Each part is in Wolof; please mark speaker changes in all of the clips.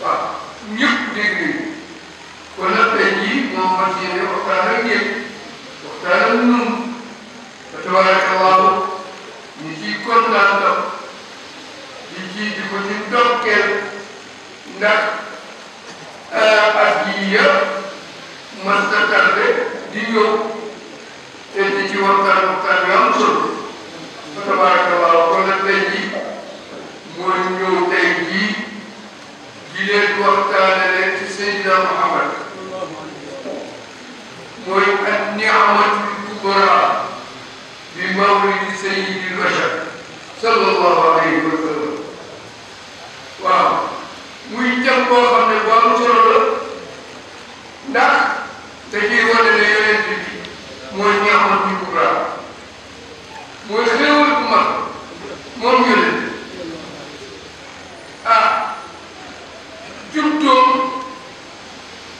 Speaker 1: waaw ñëpp dégg nañu wala tey jii moom fas yéene waxtaan ak yéen waxtaan ak ñun ba tabaraka allahu ñu ciy kontaan tam di ci di ko ci ndokkeel ndax euh, at yii yëpp mën na tardé di ñëw te di ci waxtaan waxtaan yu am solo ba tabaraka الدعوة الكبرى بمولد سيد البشر صلى الله عليه وسلم waaw muy jëm boo xam ne bu am solo la ndax dañuy wane ne yonent bi mooy ñaaxal bi kubra mooy xéewal bu mag moom yonent ah jumtoom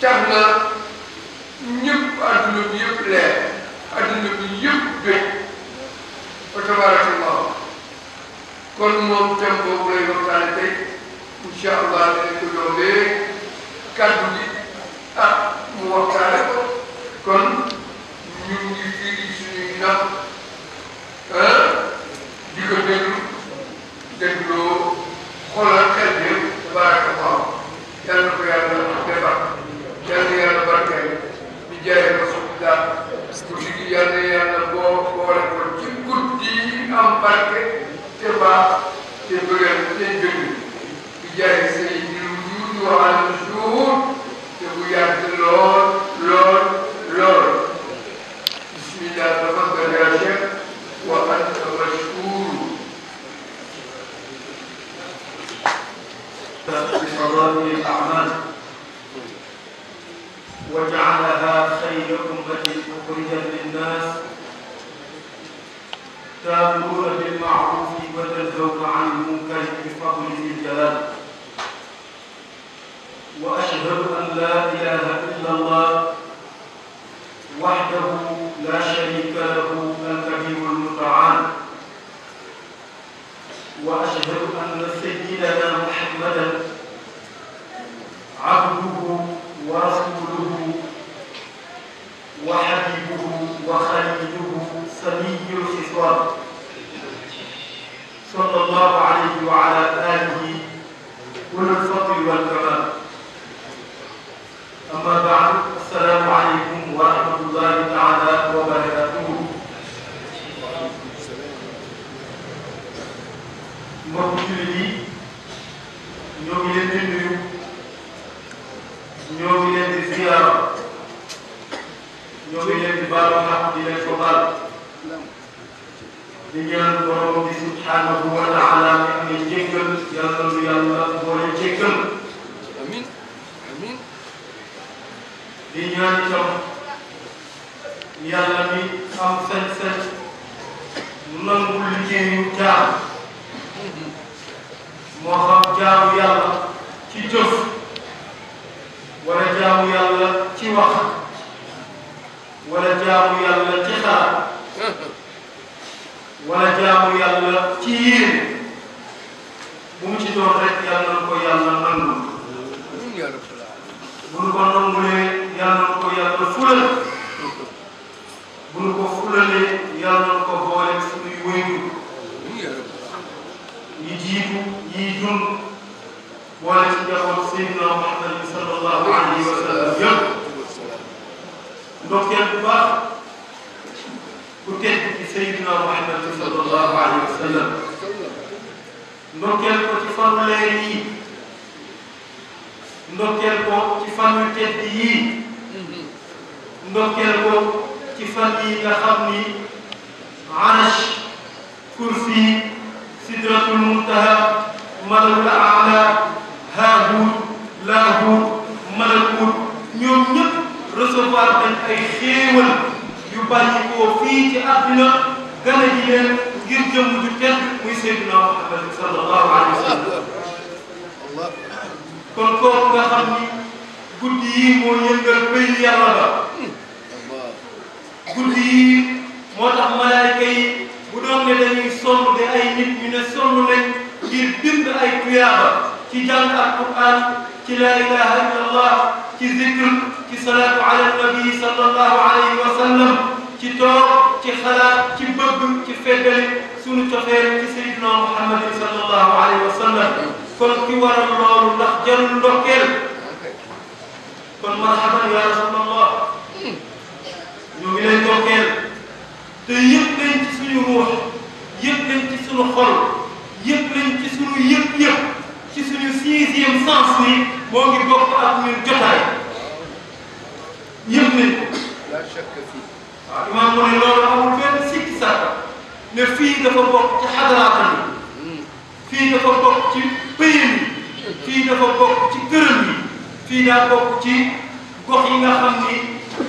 Speaker 1: tax na kon moom thème boobu lay waxtaane tey incha allah dinañ ko yóbbee kaddu gi ah mu waxtaane ko kon ñu ngi fii suñuy napp ah di ko déglu dégloo xoolal xel bi tabarakallah yàlla na ko yàlla defar yàlla na yàlla barkeel bi jaayee rasulillah ko si yàlla barke te baax te bëggal te gën di jaay say jiw yu ñu waxal jour te bu yàgg lool.
Speaker 2: wala jaamu yàlla ci yéen bu mu ci doon rek yàlla na ko yàlla nangu bu nu ko nangulee yàlla na ko yàlla fulal bu nu ko fulalee yàlla na ko boole suñuy wéyum yi jiitu yi dund boole ci njaboot Seydina Muhammad sallallahu alayhi wa sallam yëpp ndokkeel bu baax ku tedd ci Seydina Muhammad sallallahu alayhi wa sallam ndokkeel ko ci fanu leer yi ndokkeel ko ci fanu tedd yii ndokkeel ko ci fan yi nga xam ni arsh kursi sidratul muntaha malakul aala haahut laahut malakut ñoom ñëpp recevoir dañ ay xéewal yu bàyyi koo fii ci àdduna gën a ji leen ngir jëm ju tedd muy Seydina Muhammad sallallahu alayhi wa sallam kon kooku nga xam ni guddi yi moo yëngal béy yàlla ba guddi yi moo tax malaayka yi bu doon ne dañuy sonn de ay nit ñu ne sonn nañ ngir bind ay tuyaaba ci jàng ak Alxuraan ci laa ilaha illa allah ci zikr ci salaatu ala nabi sallallahu alayhi wa sallam ci toog ci xalaat ci bëgg ci feddali sunu cofeel ci sayyidina muhammadin sallallahu alayhi wa sallam kon ki waral loolu ndax jarul ndokkeel kon marhaban ya rasulallah ñu ngi lay ndokkeel te yëpp lañ ci suñu ruux yëpp lañ ci suñu xol yëpp lañ ci suñu yëpp yëpp ci suñu sixième sens ni moo ngi bokk ak ñun jotaay yëpp nañ ko waaw imaam mu ne loolu amul benn sikki sàkk ne fii dafa bokk ci xadaraata bi hmm. fii dafa bokk ci pëyin bi fii dafa ci këram bi fii daa ci gox yi nga ni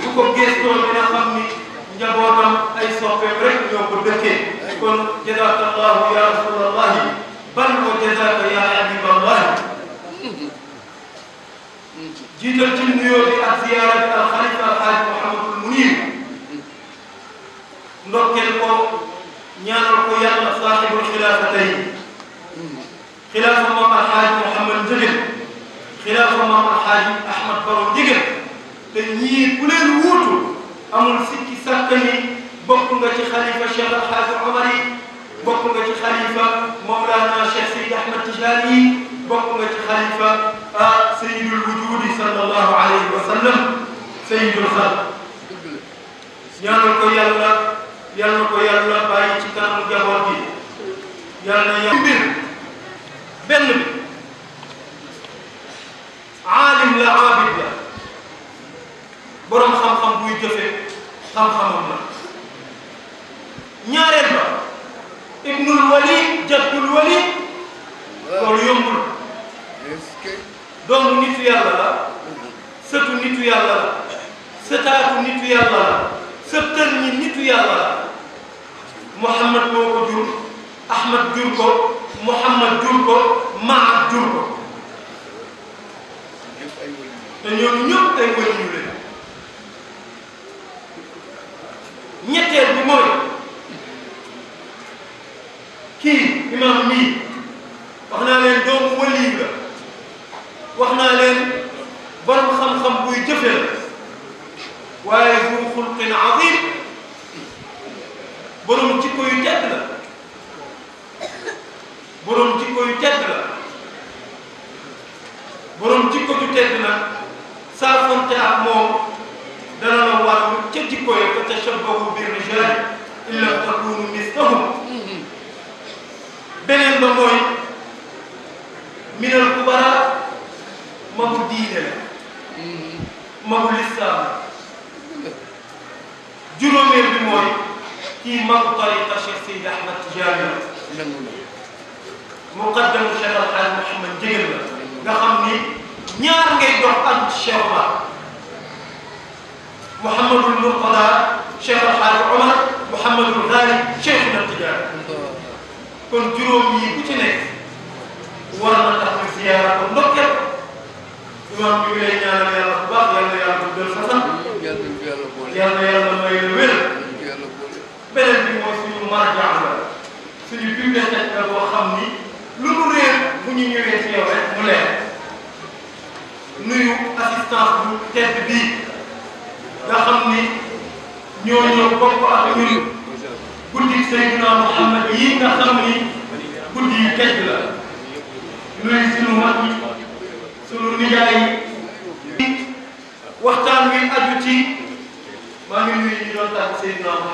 Speaker 2: bu ko gëstoo dina xam ni njabootam ay soppeem rek ñoo ko dëkkee kon jazakallahu ya rasulallahi bal ko jazaka ya jiital ci nuyoo bi ak ziyaara a al xalifa al xaaj Mouhamadul Munir ndokkeel ko ñaanal ko yàlla a xilaafa a xilaafa moom al xaaj Mouhamad Njëgël xilaafa moom al xaaj Ahmad Baro Njëgël te ñii ku leen wuutu amul sikki sàkk ni bokk nga ci xalifa Cheikh al xaaj Omar yi bokk nga ci xalifa Mawlana Cheikh Seydi Ahmad Tijaan yi bokk nga ci xalifa ah, sayyidul wujudi sallallahu alayhi wa sallam sayyidul xalq ñaanal ko yàlla yàlla ko yàlla bàyyi ci kanamu jaboot bi yàlla na yàlla mbir benn bi aalim la abid la borom xam-xam buy jëfe xam-xamam la ñaareel ba ibnul walid jaddul walid loolu yombul doomu nitu yàlla la sëtu nitu yàlla la sëtaatu nitu yàlla la sëtër ñi nitu yàlla la Mouhamad moo ko jur Ahmad jur ko Mouhamad jur ko Mahad jur ko te ñooñu ñëpp ay wëli ñu leen ñetteel bi mooy kii imaam mii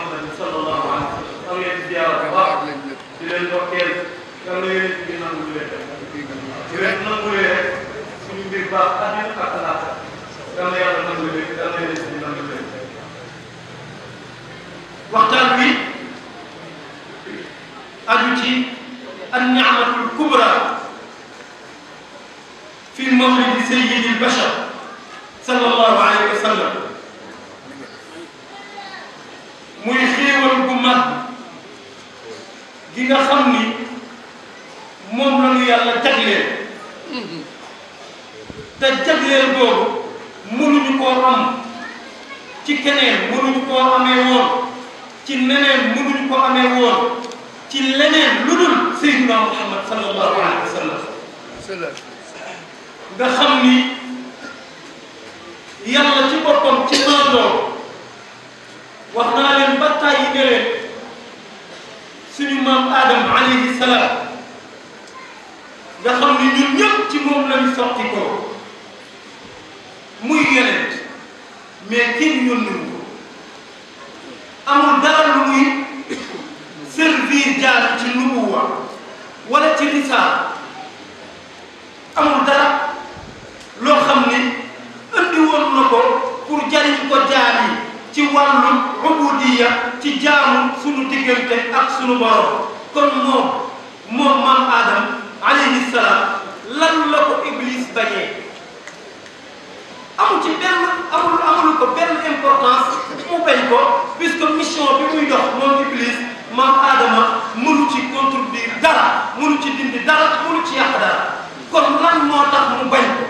Speaker 2: Muhammad sallallahu alayhi wa sallam am leen ziyaara bu baax di leen ndokkeel yal na yéen bi nangu leen di leen nangu leen suñu mbir baax àddina ak alaaka yal na yàlla nangu leen yal na yéen bi nangu leen waxtaan bi aju ci an ni'matul kubra fi mawlidi sayyidil bashar sallallahu alayhi wa sallam muy xéewal gu mag gi nga xam ni moom la yàlla jagleel te jagleel boobu mënuñu koo am ci keneen mënuñu koo amee woon ci neneen mënuñu koo amee woon ci leneen lu dul Seydina Muhammad sallallahu alayhi wa sallam nga xam ni yàlla ci boppam ci maandoo wax naa leen ba tàyyi ne leen suñu maam Adam alayhi salaam nga ni ñun ñëpp ci moom lañu sotti ko muy yonent mais kenn yónnuñu ko amul dara lu muy servir jaar ci nubuwa wala ci risaal amul dara loo xam ni andi woon na ko pour jariñ ko jaar yi ci wàllu ubudiya ci jaamu sunu diggante ak sunu borom kon moom moom maam Adam alayhi lan la ko Iblis bañee amu ci benn amul amul ko benn importance mu bañ ko puisque mission bi muy dox moom Iblis maam Adama mënu ci contredire dara mënu ci dindi dara mënu ci yàq dara kon lan moo tax mu bañ ko.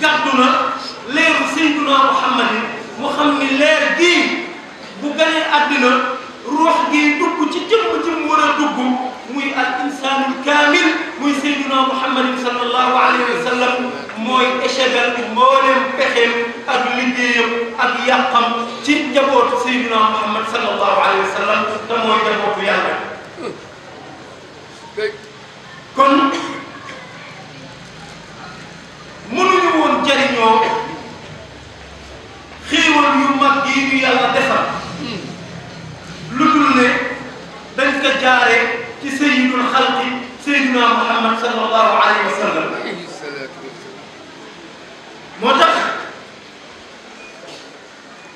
Speaker 2: gàddu na leeru Seydina Muhammadin mu xam ni leer gii bu ganee àddina ruux gii dugg ci jëmm ci mu war a dugg muy al insaanul kaamil muy Seydina Muhammadin sallallahu alayhi wa sallam mooy échelle bi mbooleem pexeem ak liggéeyam ak yàqam ci njabootu Seydina Muhammad sallallahu alayhi wa sallam te mooy njabootu yàlla kon. mënuñu woon jariñoo xéewal yu mag yi ñu yàlla defal lu dul ne dañ ko ci sayyidul xalqi sayyidina Muhammad sallallahu alayhi wa sallam moo tax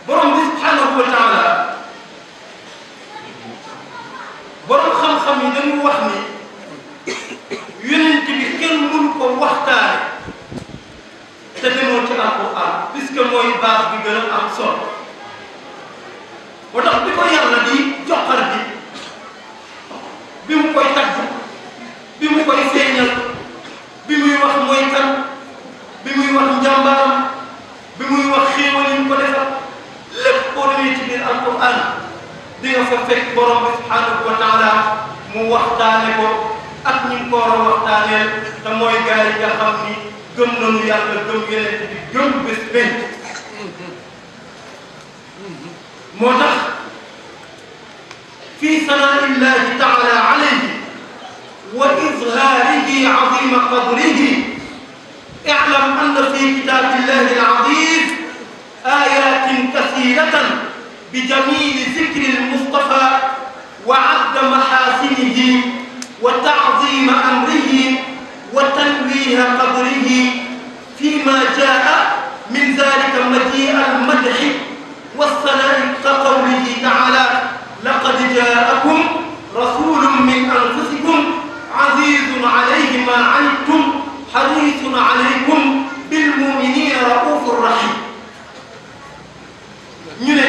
Speaker 2: bi subhanahu wa taala borom wax ni te demoo ci alquran puisque mooy base bi gën a am solo ba tax bi ko yàlla di joxal bi bi mu koy tagg bi mu koy feeñal bi mu wax mooy kan bi muy wax njàmbaaram bi muy wax xéewal yi ko defal lépp boo demee ci biir alquran di nga fa fekk borom bi subhanahu wa taala mu waxtaane ak ñi mu ko war a waxtaaneel te mooy gars ni. gëm nañu yàlla gëm yeneen bi gëm bés benn moo tax fii sanaa illahi taala alayhi wa izhaarihi azima qadrihi اعلم أن في كتاب الله العظيم آيات كثيرة بجميل ذكر المصطفى وعد محاسنه وتعظيم أمره wa tanwiha qadrihi fi ma jaa min dalika majii al madxi wassanai ka qawlihi taala laqad jaakum rasulun min anfusikum azizun alayhi ma anittum harisun alaykum bil muminina raufun rahim ñu ne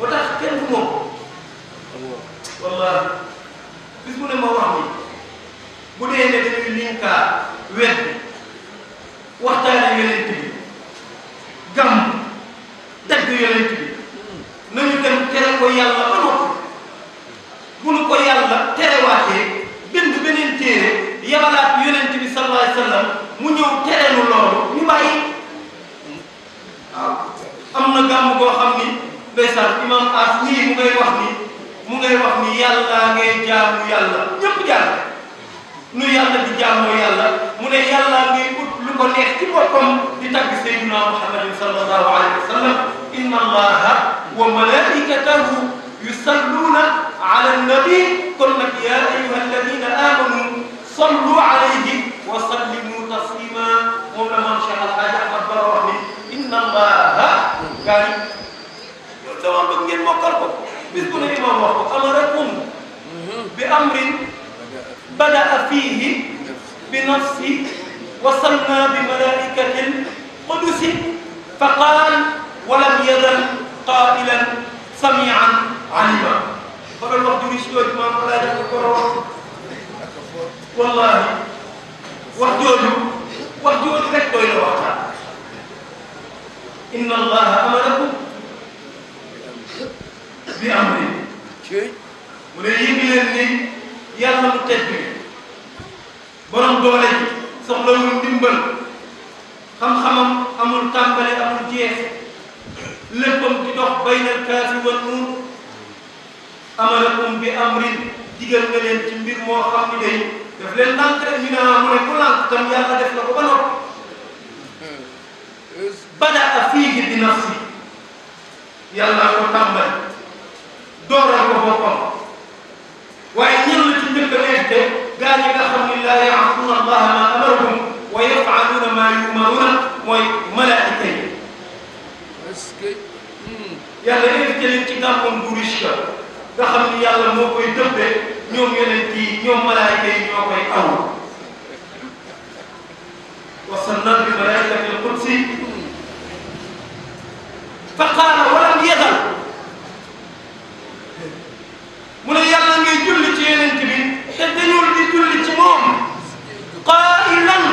Speaker 2: moo tax kenn du moom wallaahi bis mu ne ma wax ni bu dee ne dañuy linkaa wet bi waxtaane yonent bi gàmm dagg yonent bi nañu dem tere ko yàlla bu nu ko yàlla terewaatee bind beneen téere yabalaat yonent bi sallallahu alayhi mu ñëw tere nu loolu ñu bàyyi waaw am na gàmm boo xam ni ndeysaan imam as nii mu ngay wax ni mu ngay wax ni yàlla ngay jaamu yàlla ñëpp jaar nu yàlla di jaamoo yàlla mu ne yàlla ngay ut lu ko neex ci boppam di tagg sayyidina muhammadin sallallahu alayhi wa sallam inna allaha wa malaikatahu yusalluna ala nabi kon nag ya ayuha alladina amanu sallu alayhi wa sallimu taslima moom la maam Cheikh Al Hadj Ahmad Baro wax ni inna allaha kaani loolu dama bëgg ngeen mokkal ko bis bu ne imam wax ko amarakum bi amrin badaa fiihi bi nafsi wa samma bi malaa'ikatil qudusi fa qaal wa lam yazal qaa'ilan samii'an aliima xoolal wax ju riis jooju maam Alaaji ak Koro wallaahi wax jooju wax jooju rek doy la waxtaan inna allaha amarakum bi amri mu ne yëg leen ni yàlla mu tedd bi borom doole ji soxlawul ndimbal xam-xamam amul tàmbali amul jeex léppam di dox baynal kaafi wan nuun amalakum bi amrin digal nga leen ci mbir moo xam ni day daf leen lànk rek ñu ne ah mu ne ku lànk tam yàlla def na ko ba noppi badaa fiihi bi nafsi yàlla ko tàmbali dooral ko boppam waaye ñan la ci njëkk a neex de gaa ñi nga xam ni laa yaasuuna allaha ma amarahum wa yafaaluuna ma yumaruuna mooy malaayika yi hmm. yàlla invité leen ci gàmmoom bu riche nga xam ni yàlla moo koy dëbbe ñoom yonent yi ñoom malaayika yi ñoo koy aw wa sannan bi malaayikati alqudsi fa qaala walam yadal mu ne yàlla julli ci yeneen bi te dañul di julli ci moom qaa'ilan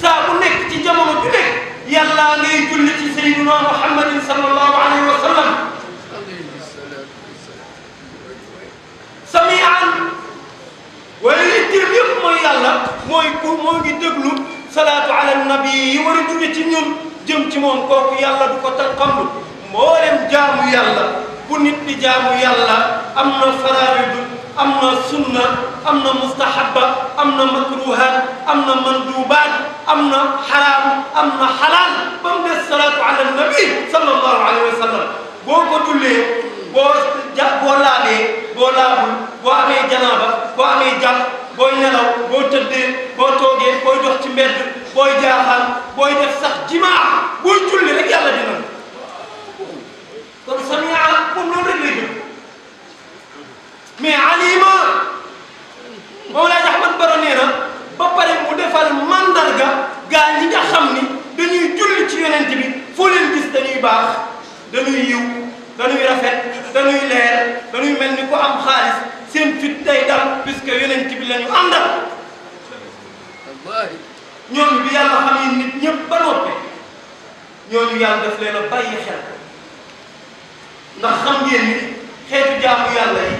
Speaker 2: saa bu nekk ci jamono ju nekk yàlla ngay julli ci sayyidina Muhammadin sallallahu alayhi wa sallam sami'an wala li jël yëpp mooy yàlla mooy ku moo ngi déglu salaatu ala nabi yi war a jóge ci ñun jëm ci moom kooku yàlla du ko tal xamul mboolem jaamu yàlla bu nit di jaamu yàlla am na faraayu am na sunna am na mustahabba am na makruhaat am na mandubaat am na xaraam am na xalaal ba mu des salaatu ala nabi sallallahu alayhi wa sallam boo ko dullee ja boo laalee boo laabul boo amee janaaba boo amee jàpp booy nelaw boo tëddee boo toogee booy dox ci mbedd booy jaaxaan jimaa booy julli rek yàlla dina kon samiya moom loolu rek mais alima moom laaj Ahmad Baro nee na ba pare mu defal mandarga gaa ñi nga xam ni dañuy julli ci yonent bi foo leen gis dañuy baax dañuy yiw dañuy rafet dañuy leer dañuy mel ni ku am xaalis seen fit day dal puisque yonent bi la ñu àndal ñooñu bi yàlla xam ni nit ñëpp ba noppi ñooñu yàlla daf leen a bàyyi xel ndax xam ngeen ni xeetu jaamu yàlla yi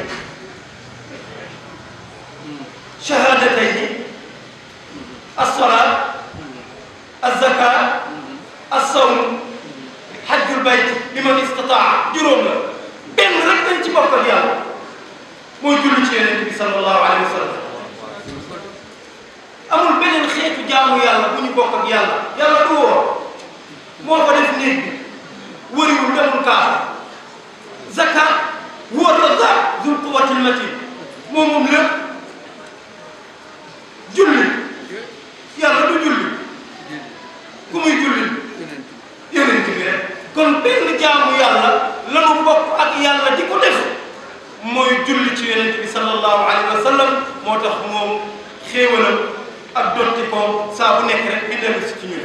Speaker 2: shahadatayni as-salaat az-zakaat as-sawm hajjul bayt liman istataa juróom la benn rek dañ ci bokkal yàlla mooy julli ci yonent bi sallallahu alayhi wa sallam amul beneen xeetu jaamu yàlla bu ñu bokk ak yàlla yàlla du woor moo ko def nit bi wëriwul demul kaasa zakat wóor la zaat zul quwwatil matin moom moom lépp julli yàlla du julli ku muy julli yonent kon benn jaamu yàlla lanu bokk ak yàlla di ko def mooy julli ci yonent bi sallallahu alayhi wa sallam moo tax moom xéewalam ak dotti koom nekk rek bi dellu si ci ñun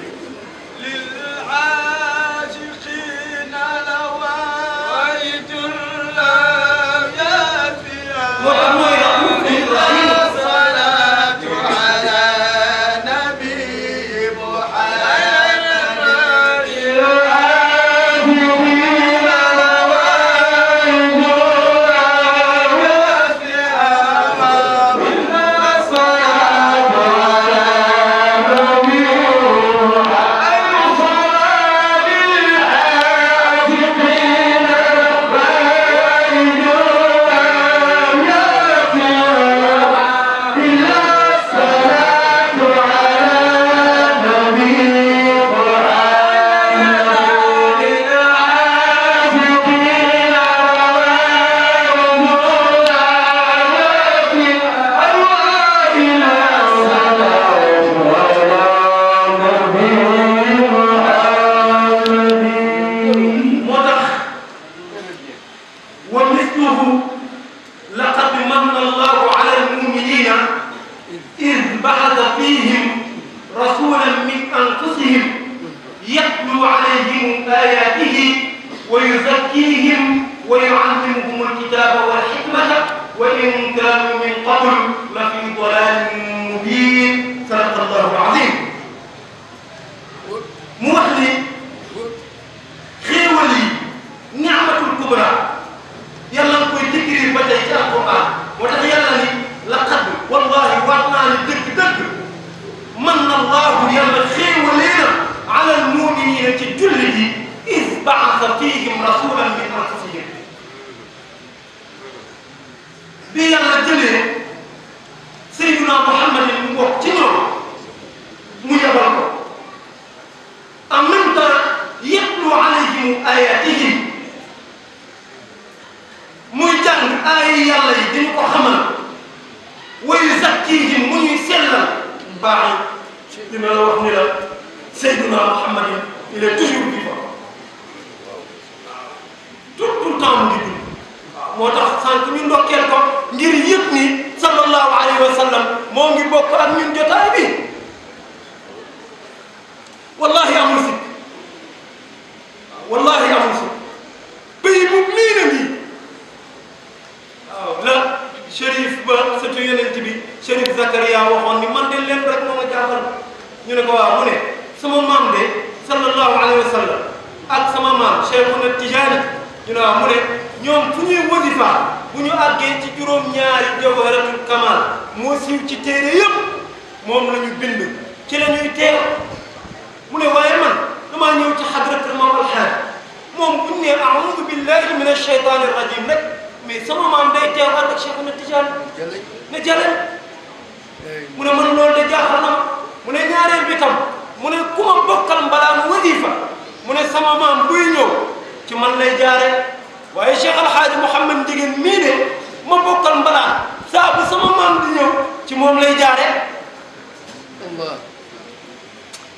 Speaker 2: allah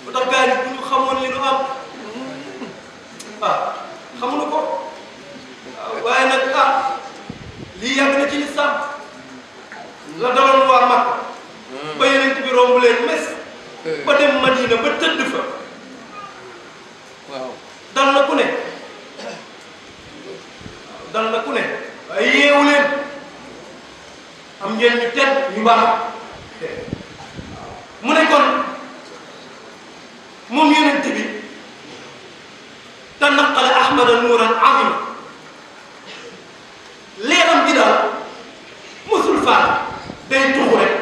Speaker 2: bu tax gars yi xamoon li nu am ah ko ah, waaye nag ah lii yàgg na ci lislaam la daloon waa Makka hmm. ba yeneen bi romb leen mes hmm. ba dem Madina ba tëdd fa waaw dal na ku ne dal na ku ne waaye yeewu am ngeen ñu tedd ñu baax mu ne kon moom yonent bi tanaqala ahmada nuuran azima leeram gi daal mosul faat day tuxu rek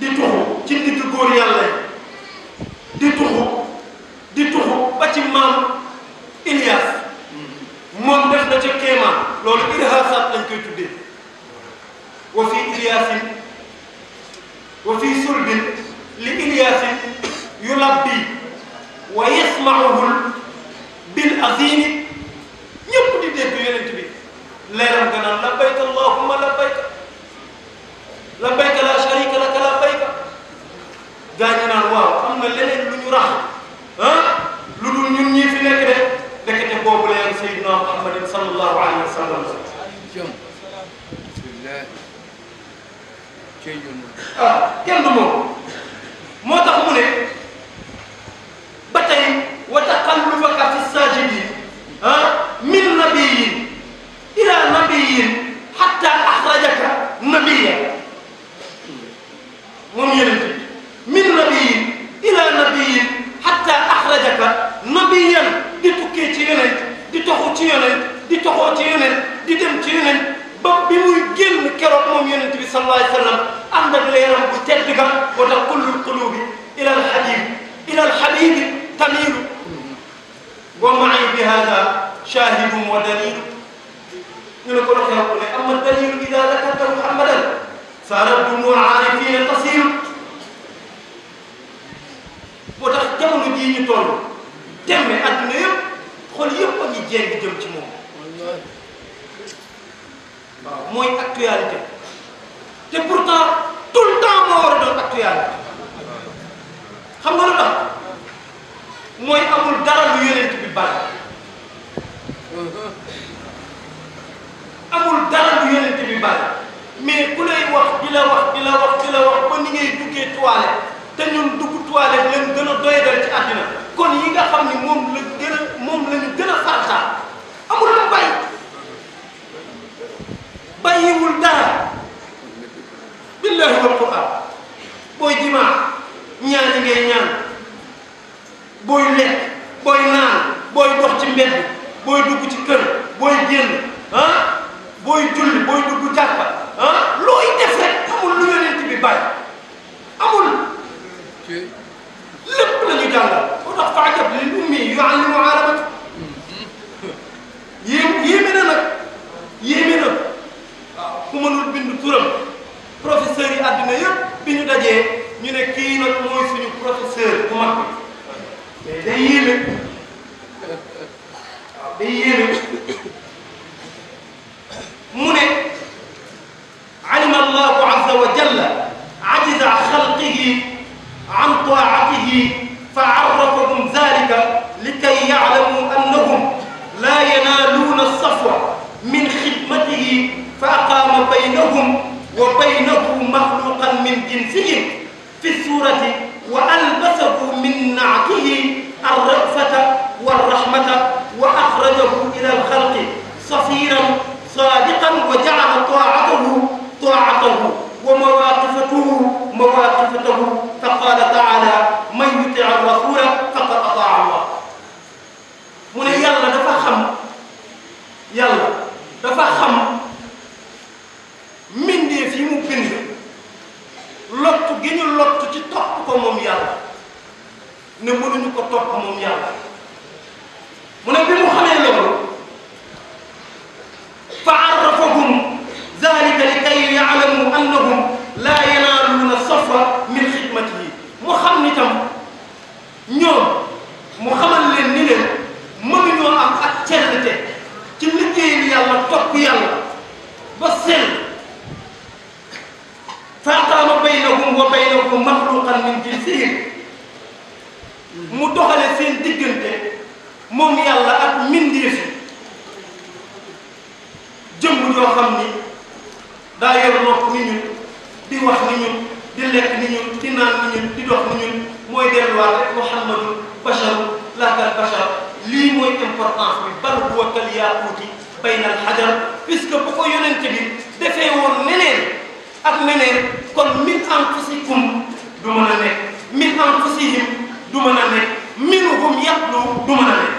Speaker 2: di tuxu ci ndigg góor yàlla di di tuxu ba ci maam Ilias moom def na ca kéemaan loolu irhasat lañ koy tuddee wa fi Iliasin wa fi sulbin li Ilyaasin yulabbi wa yasmauhul bil azimi ñëpp di dégg yonent bi leeram ganaan labbayka allahumma labbayka labbayka laa sharika laka labbayka daañu naan waaw am na leneen lu ñu rax ah lu dul ñun ñii fi nekk de ndekete boobu leer Seydina Muhammadin sallallahu alayhi wa sallam ah kenn du moom moo tax mu ne ba tey wa taqallubaka fi sajidin ah min nabiyin ila nabiyin hatta akhrajaka nabiya moom yonent bi min nabiyin ila nabiyin hatta akhrajaka nabiyan di tukkee ci yonent di toxu ci yonent di toxoo ci yonent di dem ci yonent ba bi muy génn keroog moom yonent bi sallallahu alayhi wa sallam ànd ak leeram bu tedd gam moo tax ila al ila al habibi wa ma'i bi hada shahidun wa dalilu ñu ne ko doxee wax ne amma dalilu ida zakarta muhammadan saara dumu arifina tasir moo tax jamono jii ñu toll temme adduna yëpp xool yëpp a ngi jéng jëm ci moom waaw mooy actualité te pourtant tout le temps moo war a doon actualité xam nga lu tax mooy amul dara lu yonent bi bàyyi amul dara lu yonent bi bàyyi mais ku lay wax di la wax di la wax di la wax ba ni ngay duggee toilette te ñun dugg toilette lañ gën a doyadal ci àddina kon yi nga xam ni moom la gën a moom la ñu gën a farataal amul lu bàyyi bàyyiwul dara billahi wal quran booy jimaa ñaani ñaan booy lekk booy naan booy dox ci mbedd booy dugg ci kër booy génn ah booy julli booy dugg jàkka ah, looy def amul lu yonent bi bàyyi amul lépp la ñu jàngal moo tax faajab lil ummi yuallimu arabata yéem yéeme na nag yéeme ku mënul bind turam professeurs yi àddina yëpp bi ñu dajee ñu ne kii nag mooy suñu professeur bu mag bi mais day yéeme waaw day yéeme nekk kon min anfusikum du mën a nekk min anfusihim du mën a nekk minhum yaqlu du mën a nekk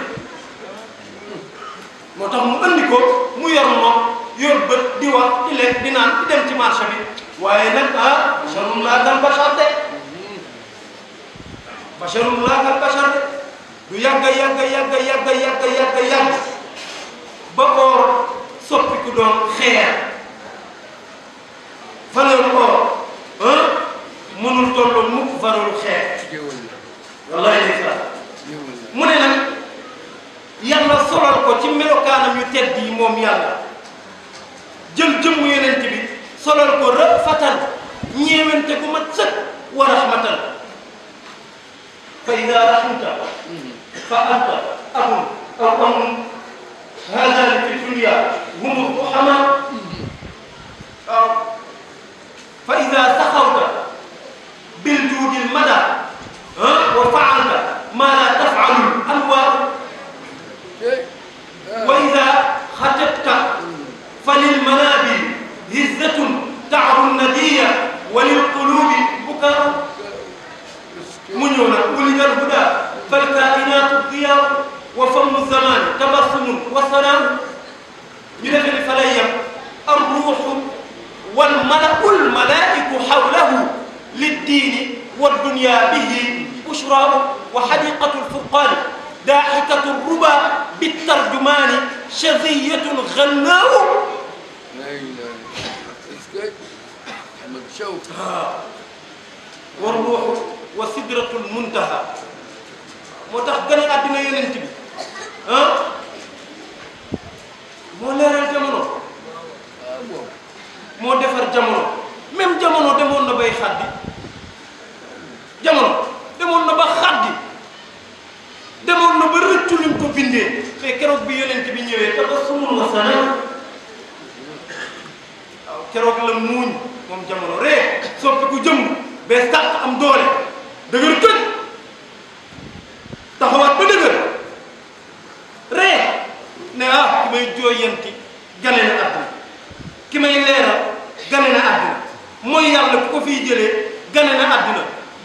Speaker 2: moo tax mu andi ko mu yor nopp yor bët di wax di lekk di naan di dem ci marché bi waaye nag ah basharun laa kal bashar de basharun laa kal bashar de du yàgg yàgg yàgg yàgg yàgg yàgg yàgg ba koor soppiku doon xeer valeur or ah mënul tolloo mukk valeur xeer wallahi lifla mu ne nag yàlla solal ko ci melokaanam yu tedd yi moom yàlla jël jëmmu yeneen bi solal ko rafatan ñeewante ku mat sëkk wa rahmatan fa ida rahimta fa anta abun aw amun haadani fi dunia humu ruhama waaw fa ida saxawta bil juudil mada wa faalta ma la tafaalul anwaaru wa ida xatabta fa lil manaabi hizzatun taaru nadiya wa lil qulubi bukaaru mu ñëw nag ulidal huda fal kainaatu diyaaru wa famu zaman tabassumun wa salaam ñu defee ni fa lay yem ar ruuxu wal malaul malaiku xawlahu liddiini والدنيا به بشرى وحديقة الفرقان داحكة الربا بالترجمان شظية غناء والروح وسدرة المنتهى moo tax gën a àddina yonent bi ah moo leeral jamono moo defar jamono même jamono demoon na bay xaddi jamono demoon na ba xaddi demoon na ba rëccu luñ ko bindee mais keroog bi yonent bi ñëwee te ba sumul wa jamono ree soppiku jëmm bees tàq am doole dëgër tëj taxawaat ba dëgër ree ne ah ki may jooyanti gane na àdduna ki may leeral mooy yàlla ku ko fiy jëlee gane na àdduna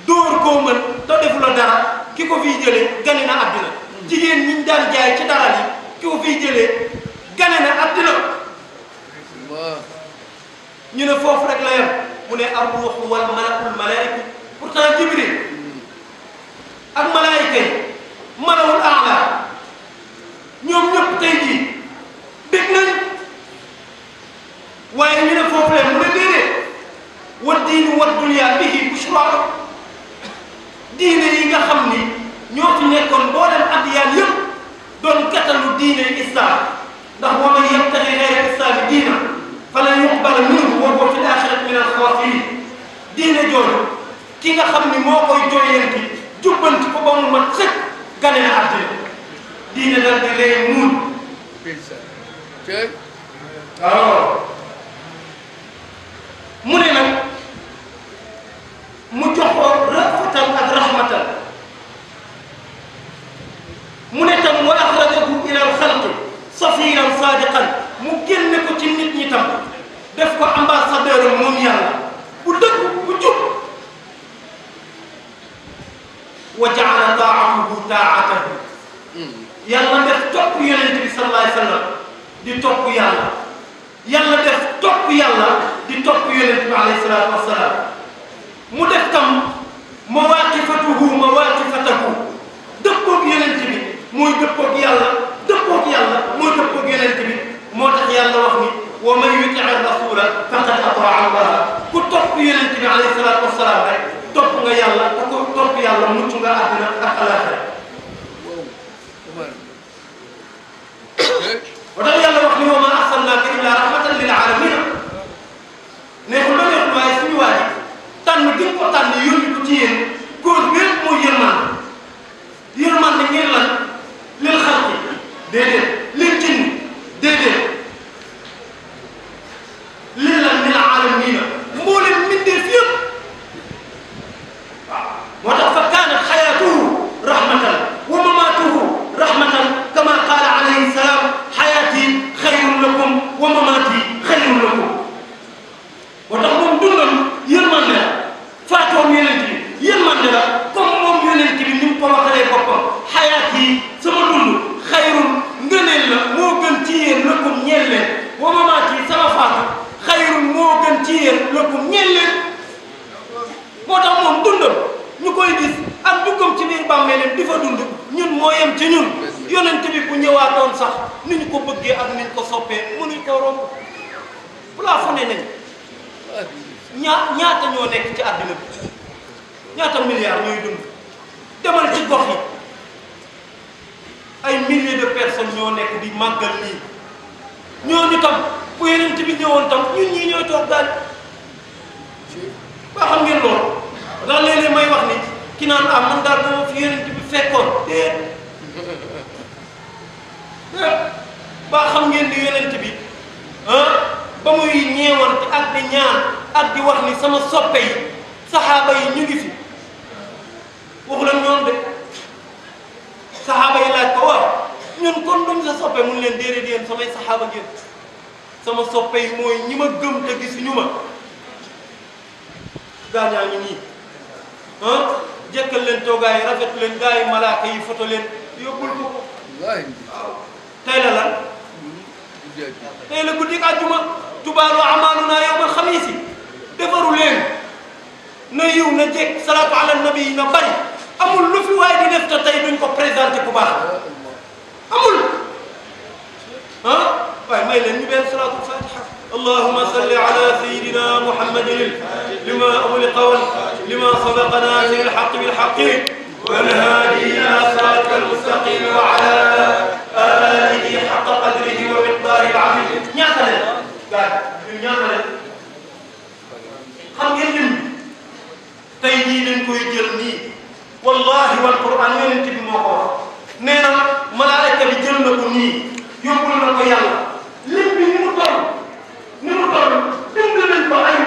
Speaker 2: dóor koo mën te defu la dara ki ko fiy jëlee gane na àdduna jigéen ñi ñu daan jaay ci dara yi ki ko fiy jëlee gane na àdduna ñu ne foofu rek la yem mu ne ar-ruuhu wal malakul malaayku pourtant jibril ak ñoom ñëpp tey jii dégg nañ waaye ñu ne foofu rek mu ne déedéet wa diin wa dunya bihi bushra diine yi nga xam ni ñoo fi nekkoon boo leen adiyaan yëpp doon gàttalu diine islam ndax wa man yabtaxi xeyra islaami diina falan yuqbala minhu wa fi l axirati min alxaasirin diine jooju ki nga xam ni moo koy jooyanti jubbanti ko ba mu mat sëkk gane na àddina diine daal di lay mu ne nag mu jox ko rafatan ak rahmatan mu ne tam wa axrajahu ila alxalqi safiran sadiqan mu génne ko ci nit ñi tam def ko ambassadeur am moom yàlla bu dëgg bu jub wa jaala taa'ahu taa'atahu yàlla def topp yonent bi sallallahu alayhi wa sallam di topp yàlla yàlla def topp yàlla di topp yonent bi alayhi salaatu wasalaam mu def tam mawaqifatuhu mawaqifatahu dëppoog yonent bi mooy dëppoog yàlla dëppoog yàlla mooy dëppoog yonent bi moo tax yàlla wax ni wa man yuti rasula faqad ataa allaha ku topp yonent bi alayhi salaatu wasalaam rek topp nga yàlla te ku topp yàlla mucc nga àddina ak alaxira wa tax yàlla wax ni wa ma arsalnaaka illa rahmatan lil alamin neexul ba neexul waaye suñu waay tànn gi ko tànn yónni ko ci yéen cause bi rek mooy yërmande yërmande ngeen lan lil xalqi déedéet lil jinni déedéet yéen lakum ñeel leen moo tax moom dundam ñu koy gis ak duggam ci biir bàmmeelam di fa dund ñun moo yem ci ñun yonent bi bu ñëwaatoon sax ni ñu ko bëggee ak ni ñu ko soppee mënuñ ko ci àddina bi ñaata milliards ñooy dund demal ci gox yi ay milliers de personnes ñoo nekk di màggal lii ñooñu tam bu yeneen bi ñëwoon tam ñun ñii ñooy toog daal ba xam ngeen loolu ndax léeg may wax ni ki naan am ah, man daal dama fi yonent bi fekkoon déet ba xam ngeen di yonent bi ah, ba muy ñeewante ak di ñaan ak di wax ni sama soppe yi saxaaba yi ñu ngi fi waxu leen ñoom de saxaaba yi laaj ko waaw ñun kon duñ sa soppe mun leen déedéet yéen samay saxaaba ngeen sama soppe yi mooy ñi ma gëm te gisuñu ma gaañaa ngi nii ah leen toogaay rafet leen gars yi malaaka yi foto leen yóbbul ko ko waaw tey la lan tey la guddi àjjuma tubaalu amaaluna yawmal defaru leen na na jekk salaatu ala nabi na bari amul lu fi waay di def te tey duñ ko présenté bu baax amul ah may leen ñu benn salaatul fatiha اللهم صل على سيدنا محمد لما أغلق لما سبقنا من الحق بالحق والهادي إلى صراطك المستقيم وعلى آله حق قدره ومقداره العظيم ñaata la ñaata la xam ngeen ñun tey jii dañ koy jël nii wallahi wal Quran yonent bi moo ko wax nee na malaayka bi jël na ko nii yóbbul na ko yàlla loolu bind nañ ko ay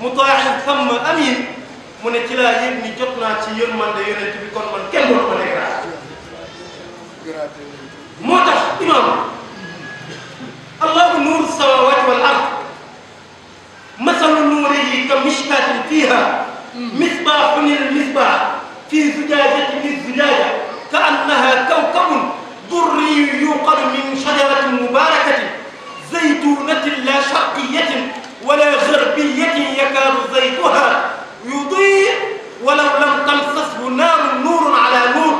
Speaker 2: mu taaxin xam ma amin mu ne ci laa yëg ni jot naa ci yërmande yonent bi kon man kenn doon ko dégrade moo tax imaam allahu nuuru samaawaati wal ard masalu nuurihi ka mishkaatin fiiha misbaaxun il misbaax fii zujaajatin il zujaaja ka annaha kawkabun durriyun yuuqadu min shajaratin mubaarakatin zaytuunatin laa sharqiyyatin wala garbiyatin yakaadu zaytuha yudii walaw lam tamsashu naarun nuurun ala nuur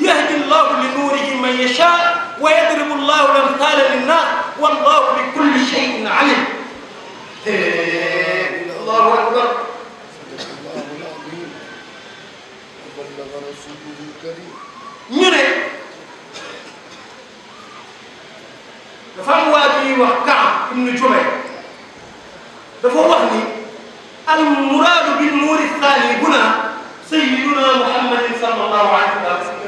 Speaker 2: yahdi llahu li nuurihi man yashaa wa yadribu llahu l-amthaala linnaas wallahu bi kulli shay'in aliim. Allahu akbar.
Speaker 1: ñu ne dafa am waa bi ñuy wax
Speaker 2: Kaab ibnu Jubayr dafa wax ni al muraadu bil nuuri saani buna sayyiduna muhammadin sallallahu alayhi wa sallam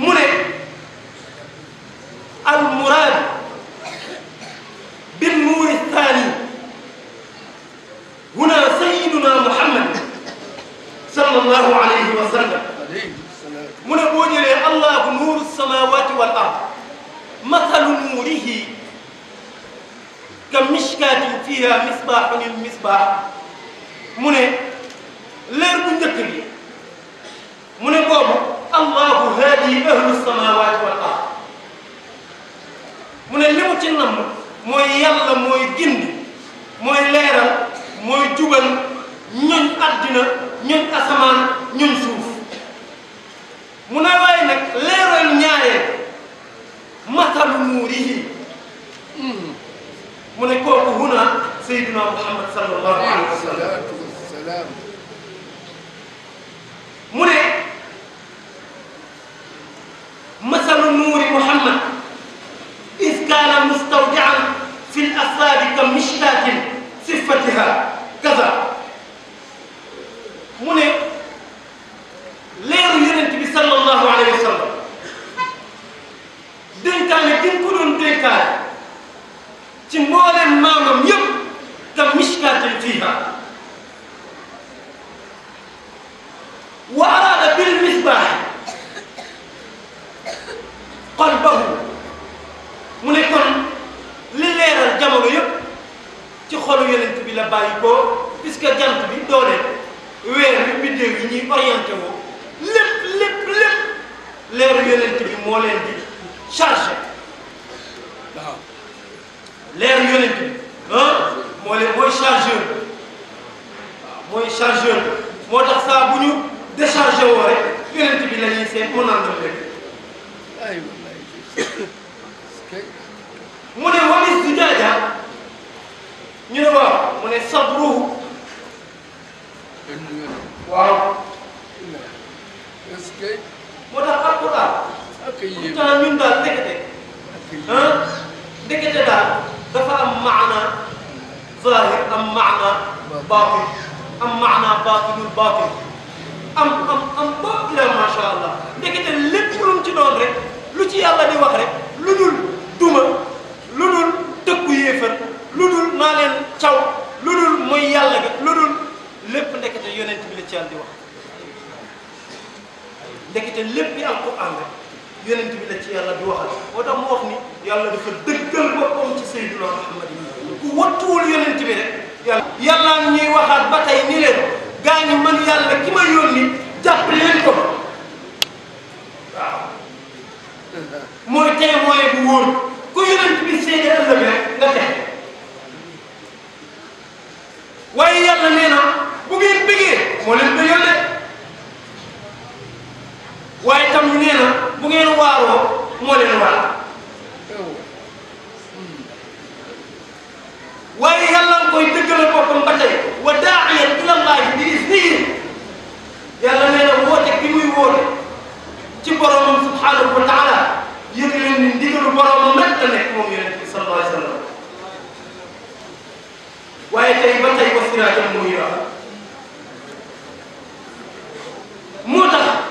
Speaker 2: mu ne al muraad bin nuuri saani huna sayyiduna muhammad sallallahu alayhi wa sallam mu ne boo jëlee allahu nuuru samawati wal ard mathalu nuurihi ka mishkaatin fiha misbaaxun il misbaax mu ne leer bu njëkk bi mu ne boobu allahu haadi ahlu samawati wal ard mu ne li mu ci namm mooy yàlla mooy gindi mooy leeral mooy jubal ñoñ àddina ñoñ asamaan ñoñ suuf mu ne waaye nag leeral ñaareel masalu nuurihi mu ne kooku huna sayyiduna Muhammad sallallahu alayhi wa sallam mu ne masalu nuuri Muhammad iz kaana mustawdi'an fi l-asaabi ka mishtaatin sifatiha kaza mu ne bi sallallahu alayhi wa sallam dénkaane gi ko doon dénkaane ci mboolem maamam yëpp te mishkaatin fiiha wa araada bil misbaax qalbahu mu ne kon li leeral jamono yëpp ci xolu yonent bi la bàyyi ko puisque jant bi doole weer bi biddéew yi ñuy orienté woo leeru yonent bi moo leen di chargé waaw leeru yonent bi ah moo leen mooy chargeur bi waaw mooy chargeur bi moo tax saa bu ñu déchargé woo rek yonent bi la ñuy seet mu naan la rek mu ne walis di jaaja ñu ne waaw mu ne sabruhu waaw est-ce moo tax alquran pourtant ñun daal ndekete ah ndekete daal dafa am maana zahir am maana baatin am maana am am am boobu la ndekete lépp lu ci doon rek lu ci yàlla di wax rek lu dul duma lu dul dëkku yéefar lu dul naa leen caw lu dul mooy yàlla gi lu ndekete yonent bi ci yàlla di wax ndekete lépp yi alquran la yonent bi la ci yàlla di waxal moo tax mu wax ni yàlla dafa dëggal boppam ci sayyidina Muhammad ku wattuwul yonent bi rek yàlla yàlla ñuy waxaat ba tey ni leen gaa man yàlla ki ma yónni jàpp leen ko waaw mooy témoin bu wóor ku yonent bi seede ëllëg rek nga tex waaye yàlla nee na bu ngeen moo leen bëggal waaye tam nee na bu ngeen waaroo moo leen waar waaye yàlla nga koy dëggal boppam ba tey wa daa'iyan ila llaahi bi iznihi yàlla nee na woote bi muy woote ci boromam subhaanahu wa taala yëg leen ni ndigalu boromam rek la nekk moom yonent bi sallallahu alayhi wa sallam waaye tey ba tey wa siraajan moo tax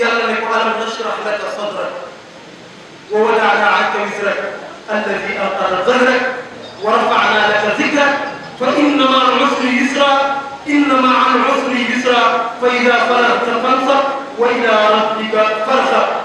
Speaker 2: yàlla ne ko alam nashrah laka sadrak wa wada'na anka wizrak alladi anqada darrak wa rafa'na laka zikrak fa inna ma'a al-usri yusra inna ma'a al-usri yusra fa idha faragta fansab wa ila rabbika farghab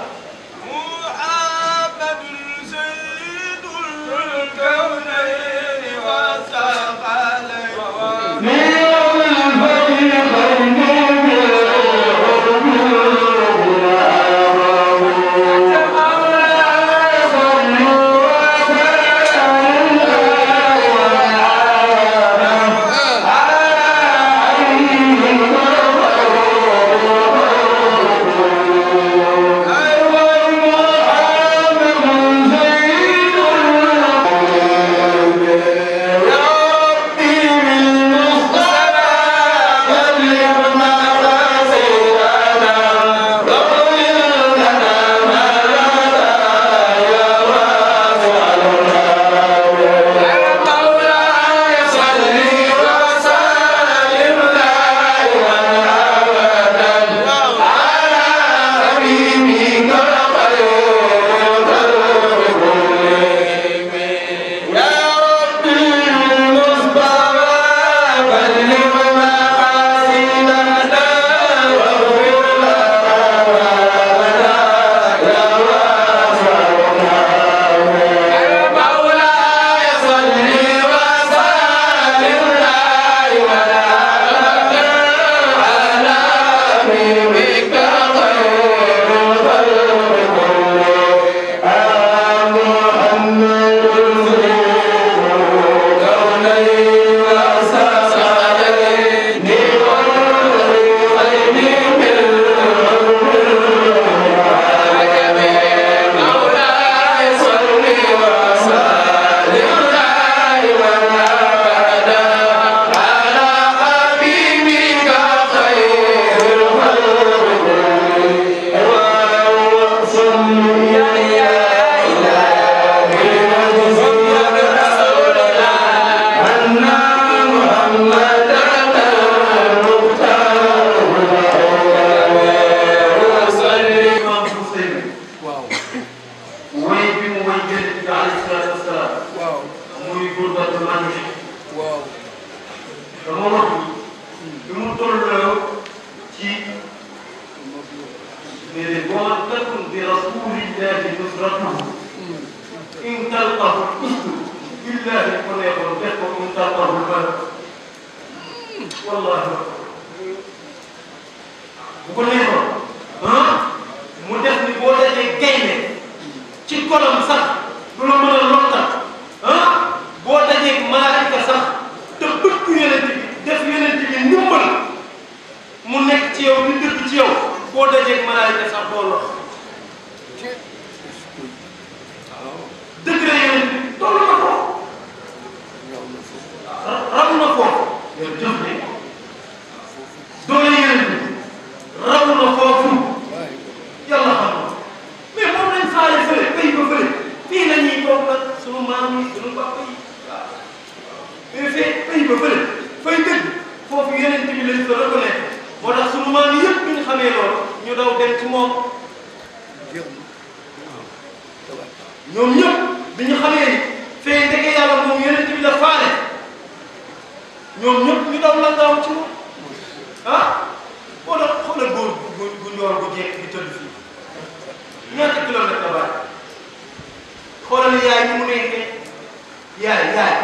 Speaker 2: yaay yaay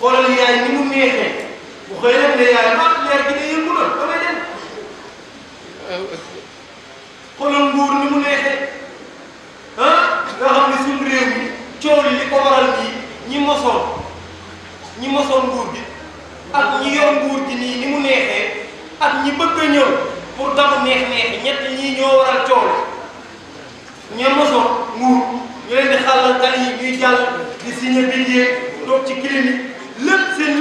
Speaker 2: xoolal yaay ni mu neexee
Speaker 1: bu xëy rek ne yaay ba
Speaker 2: leer gi day yëngu doon ba may dem xoolal nguur ni mu neexee ah nga xam ne suñu réew mi coow li ko nii ñi mosoon ñi mosoon nguur gi ak ñi yor nguur gi nii ni mu neexee ak ñi bëgg a ñëw pour damu neex neexi ñett ñii ñoo waral coow ña mosoon nguur ñu leen di xàllal gan yi ñuy jàll di signé billet toog ci clinique lépp seen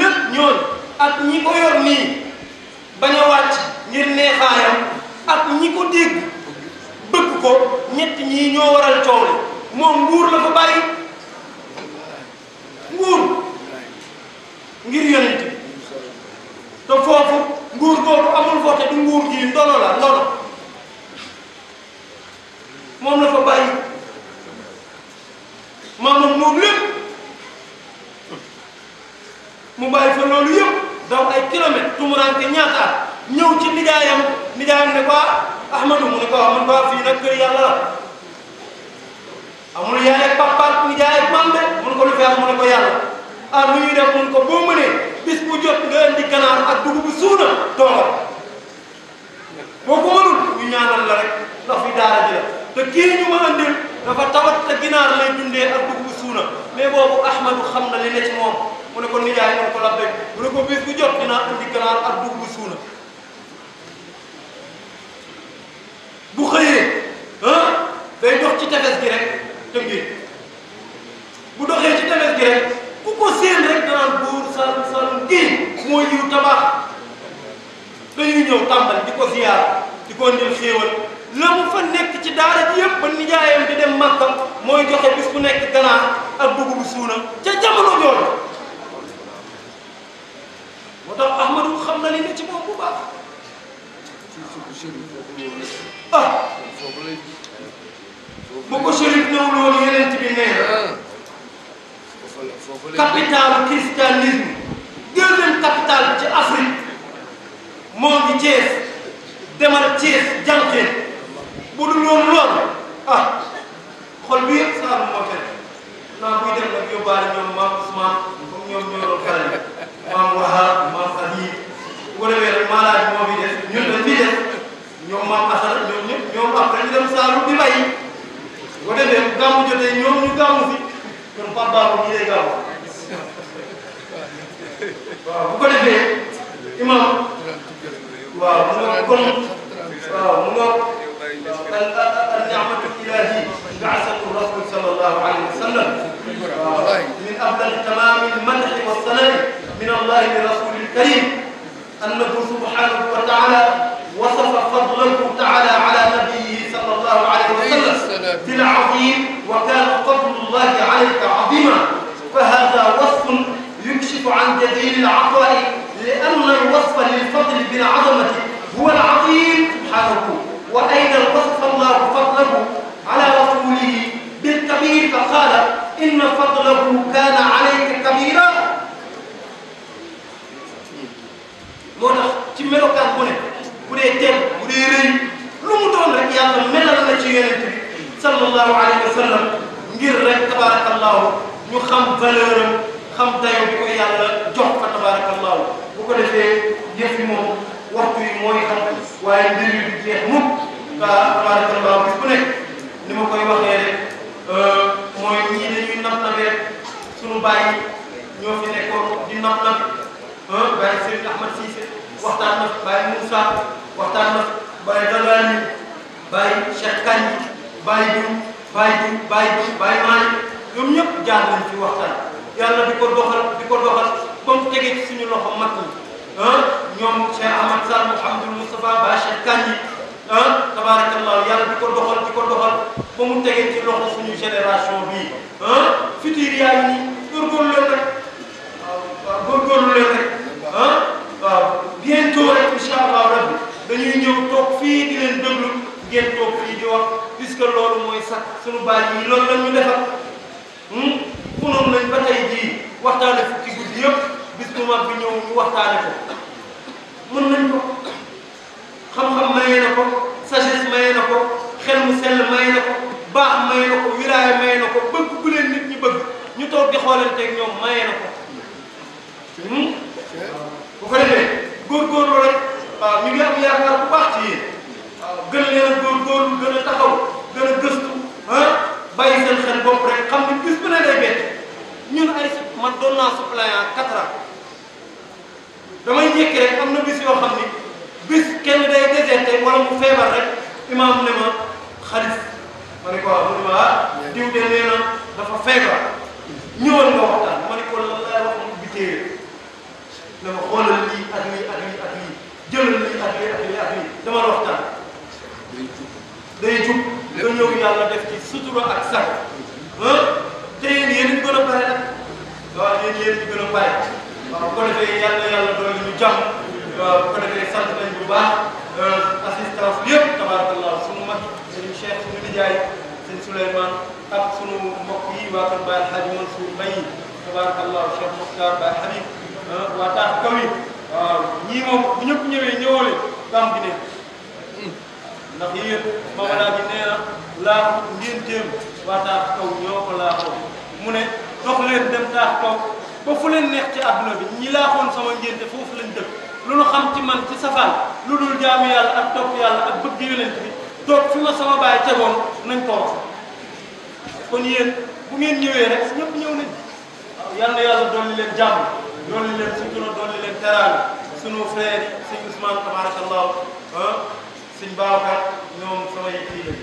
Speaker 2: ak ñi ko yor nii bañ a wàcc ngir ak ñi ko dégg bëgg ko ñett ñii ñoo waral moom nguur la ko bàyyi nguur ngir yonent te foofu nguur googu amul foote du nguur gi ndono la moom la ko bàyyi maamam moom lépp mu bàyyi fa loolu yëpp daw ay kilomètres tumuraanke ñaata at ñëw ci nijaayam nijaayam ne ko ah ahmadu mu ne ko ah man ko fii nag kër yàlla la amul yaay ak papa ak nijaay ak maam de mu ne ko lu fi am mu ko yàlla ah lu ñuy def ko boo mënee bis bu jot nga indi ganaar ak dugubu suuna doomam boo ko mënul ñu ñaanal la rek ndax fi daara la te kii ñu ma andil dafa tawat te ginaar lay dundee ak dugub suuna mais boobu Ahmadu xam na li ne moom mu ne ko nijaay mu ne ko labbay mu ne ko bis bu jot dinaa indi ginaar ak dugub suuna bu xëyee ah day dox ci tefes gi rek tëngee bu doxee ci tefes gi rek ku ko séen rek danaan góor Saalum Saalum kii mooy yiw tabax ñëw tàmbal di ko ziyaar di ko la mu fa nekk ci daara ji yëpp ba nijaayam di dem Makka mooy joxe bis bu nekk ganaar ak dugubu suuna ca jamono jooju moo tax Ahmadu xam na li ne ci moom bu baax ah
Speaker 1: bu ko woon yeneen bi nee
Speaker 2: capitale christianisme deuxième capitale ci Afrique moo ngi Thiès demal Thiès jànkuwén bu dul woon lool ah xol bi yëpp saa moo fekk naa buy dem nag yóbbaale ñoom maam Ousmane comme ñoom ñoo doon xelal maam Wahab maam Aliou bu ko defee rek maalaaj moo fi def ñun dañ fi def ñoom maam Assane ñoom ñëpp ñoom après ñu dem Saalum di bay bu ko defee bu gàmmu jotee ñoom ñu gàmmu fi kon Pape Babou ñi lay waaw mu nga kon waaw mu nga al al ni'matu ilahi ba'athahu rasul sallallahu alayhi wa sallam waaw min afdal tamami al-manhi wa sanani min allahi li rasuli al-karim annahu subhanahu wa ta'ala wasafa fadlahu ta'ala ala nabiyyihi sallallahu alayhi wa sallam bil azim wa kana fadlullahi alayka azima fa hadha wasfun yukshifu an jadil al-'ata'i لأن الوصف للفضل بالعظمة هو العظيم سبحانه وأين وصف الله فضله على رسوله بالكبير فقال إن فضله كان عليك كبيرا moo tax ci melokaan bu ne bu dee teel bu dee rëy lu mu doon rek yàlla melal na ci yonent bi sallallahu alayhi wa sallam ngir rek tabarakallahu ñu xam valeur am xam dayo bi ko yàlla jox fa tabarakallahu bu ko defee jëf yi moom waxtu yi mooy xam waaye mbir yi du jeex mukk tabarakallah bis bu nekk ni ma koy waxee rek euh, mooy ñii dañuy napp na rek sunu bàyyi ñoo fi nekkoon di napp na euh, bàyyi Serigne Ahmad Cissé waxtaan na bàyyi Moussa waxtaan na bàyyi Dalani bàyyi Cheikh Kandji bàyyi Diouf bàyyi Diouf bàyyi Diouf bàyyi Malick ñoom ñëpp jaar nañ ci waxtaan yàlla di ko di ko doxal comme tegee ci suñu loxo mag ñi ah ñoom Cheikh Ahmad Sall Mouhamadul Moustapha Ba Cheikh Kandji ah tabarakallah yàlla di ko doxal di ko doxal ba mu tegee ci loxo suñu génération bii ah futur yaa ngi nii góorgóorlu leen rek waaw góorgóorlu ah, toog fii di leen déglu ngeen wax puisque loolu mooy sax suñu baay yi loolu la ñu defal mënoon hmm, nañ ba tey jii. waxtaane fukki guddi yëpp bis bu mag bi ñëw ñu waxtaane ko mën nañ ko xam-xam mayee na ko sagesse mayee na ko xel mu sell mayee na ko baax mayee na ko wilaaya mayee na ko bëgg bu leen nit ñi bëgg ñu toog di xoolanteeg ñoom mayee na ko hmm? bu ko defee góorgóorlu rek waaw ñu ngi am yaakaar bu baax ci yéen waaw gën leen a góorgóorlu gën a taxaw gën a gëstu ah bàyyi seen xel bopp rek xam ni bis bu ne day bett ñun ay man doon naa suppléant quatre ans damay njëkk rek am na bis yoo xam ni bis kenn day déserté wala mu feebar rek imaam ne ma xaalis ma ne ko waaw mu ma ah diw na dafa feebar ñëwal nga ma ne ko lan laay wax mu bitéere ne ma xoolal lii ak lii jëlal lii ak lii ak lii ak lii day jub nga yàlla def ci sutura ak sax ah te yéen yéen ñu gën a bare loolu yéen yéen ñu gën a pare waaw bu ko defee yàlla yàlla doon ñu jàmm waaw bu ko defee sant nañ bu baax euh, assistance bi yëpp tabarakallah sunu mag sunu cheikh sunu nijaay sëñ Souleymane ak waa kër Baye Hadj Mansour Mbaye tabarakallah cheikh euh, waa taax kaw ñii moom bu ñëpp ñëwee gam gi ne ndax yéen Mamadou laa ngeen waa taax kaw ñoo ko laa ko mu dox leen dem taax kaw ba fu leen neex ci àdduna bi ñi laaxoon sama ngénte foofu lañ dëkk lu nu xam ci man ci safaan lu dul jaamu yàlla ak topp yàlla ak bëgg yonent bi toog fi ma sama baay tegoon nañ ko wax kon yéen bu ngeen ñëwee rek ñëpp ñëw nañ waaw yal na yàlla dolli leen jàmm dolli leen sutura dolli leen teraanga sunu frère yi sëñ Ousmane tabarakallahu ah sëñ Babacar ñoom samay kii lañ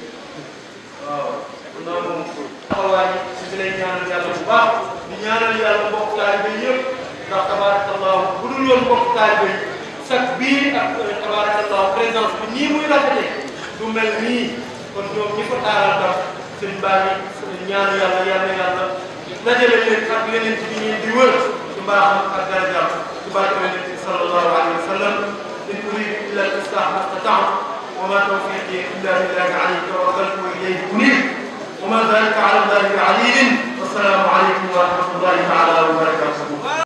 Speaker 2: waaw loolu taxawaay si bi lay ñaanal yàlla bu baax di ñaanal yàlla mbokk taalibe yëpp ndax tabaarakallaahu bu dul yoon mbokk taalibe yi chaque bii ak tabaarakallaahu présence bi nii muy rafetee du mel nii kon ñoom ñi ko taaral tam seen baa ngi ñaanu yàlla yàlla yàlla dajale leen ak leneen ci ñuy di wër ci mbaaxam ak darajaam ci barke Yonent bi sallallahu alayhi wa sallam in uriidu illa al-islaaha ma stata'tu wa ma tawfiiqii illa billaahi alayhi tawakkaltu wa ilayhi uniib wa maa zaalika alaa llaahi bi aziiz
Speaker 3: wassalaamu aleykum wa rahmatullaahi taala wa barakaatuh